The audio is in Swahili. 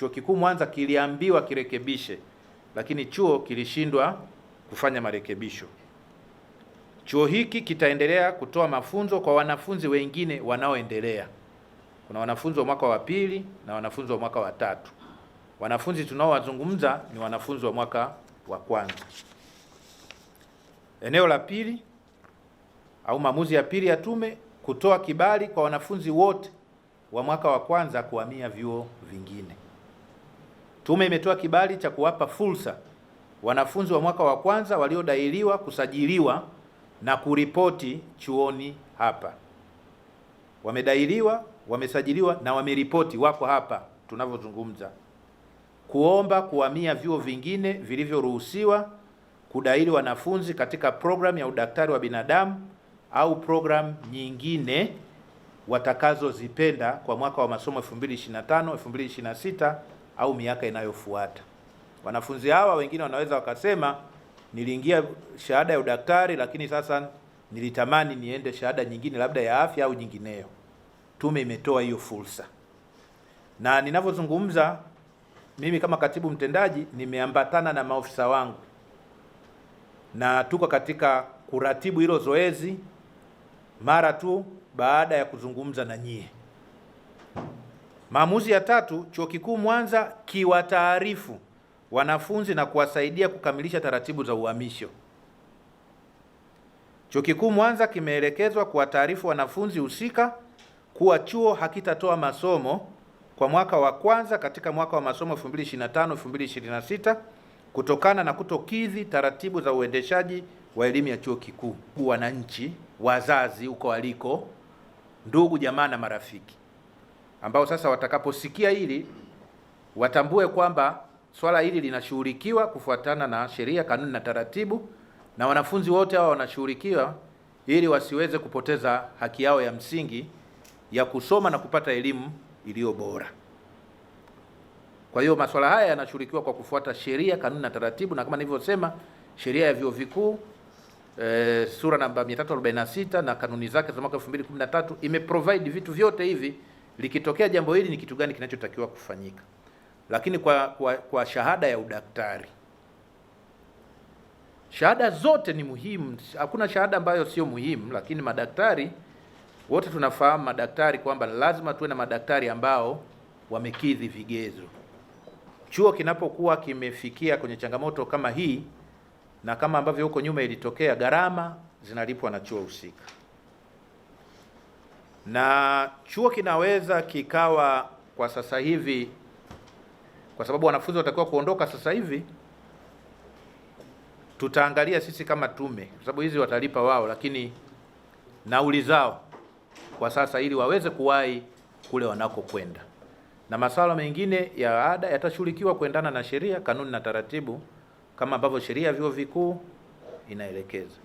Chuo Kikuu Mwanza kiliambiwa kirekebishe, lakini chuo kilishindwa kufanya marekebisho. Chuo hiki kitaendelea kutoa mafunzo kwa wanafunzi wengine wanaoendelea. Kuna wanafunzi wa mwaka wa pili na wanafunzi wa mwaka wa tatu. Wanafunzi tunaowazungumza ni wanafunzi wa mwaka wa kwanza. Eneo la pili au maamuzi ya pili ya tume kutoa kibali kwa wanafunzi wote wa mwaka wa kwanza kuhamia vyuo vingine. Tume imetoa kibali cha kuwapa fursa wanafunzi wa mwaka wa kwanza waliodailiwa kusajiliwa na kuripoti chuoni hapa. Wamedailiwa, wamesajiliwa na wameripoti, wako hapa tunavyozungumza, kuomba kuhamia vyuo vingine vilivyoruhusiwa kudaili wanafunzi katika programu ya udaktari wa binadamu au programu nyingine watakazozipenda kwa mwaka wa masomo 2025 2026 au miaka inayofuata. Wanafunzi hawa wengine wanaweza wakasema niliingia shahada ya udaktari, lakini sasa nilitamani niende shahada nyingine, labda ya afya au nyingineyo. Tume imetoa hiyo fursa, na ninavyozungumza mimi kama katibu mtendaji nimeambatana na maofisa wangu na tuko katika kuratibu hilo zoezi mara tu baada ya kuzungumza na nyie. Maamuzi ya tatu, Chuo Kikuu Mwanza kiwataarifu wanafunzi na kuwasaidia kukamilisha taratibu za uhamisho. Chuo Kikuu Mwanza kimeelekezwa kuwataarifu wanafunzi husika kuwa chuo hakitatoa masomo kwa mwaka wa kwanza katika mwaka wa masomo 2025-2026 kutokana na kutokidhi taratibu za uendeshaji wa elimu ya chuo kikuu. Wananchi, wazazi huko waliko, ndugu jamaa na marafiki ambao sasa watakaposikia hili watambue kwamba swala hili linashughulikiwa kufuatana na sheria, kanuni na taratibu, na wanafunzi wote hawa wanashughulikiwa ili wasiweze kupoteza haki yao ya msingi ya kusoma na kupata elimu iliyo bora. Kwa hiyo masuala haya yanashughulikiwa kwa kufuata sheria, kanuni na taratibu, na kama nilivyosema, sheria ya vyuo vikuu e, sura namba 346 na kanuni zake za mwaka 2013 imeprovide vitu vyote hivi likitokea jambo hili, ni kitu gani kinachotakiwa kufanyika. Lakini kwa, kwa, kwa shahada ya udaktari, shahada zote ni muhimu, hakuna shahada ambayo sio muhimu. Lakini madaktari wote tunafahamu madaktari kwamba lazima tuwe na madaktari ambao wamekidhi vigezo. Chuo kinapokuwa kimefikia kwenye changamoto kama hii na kama ambavyo huko nyuma ilitokea, gharama zinalipwa na chuo husika na chuo kinaweza kikawa kwa sasa hivi, kwa sababu wanafunzi watakiwa kuondoka sasa hivi, tutaangalia sisi kama tume, kwa sababu hizi watalipa wao, lakini nauli zao kwa sasa, ili waweze kuwahi kule wanakokwenda, na masuala mengine ya ada yatashughulikiwa kuendana na sheria, kanuni na taratibu kama ambavyo sheria ya vyuo vikuu inaelekeza.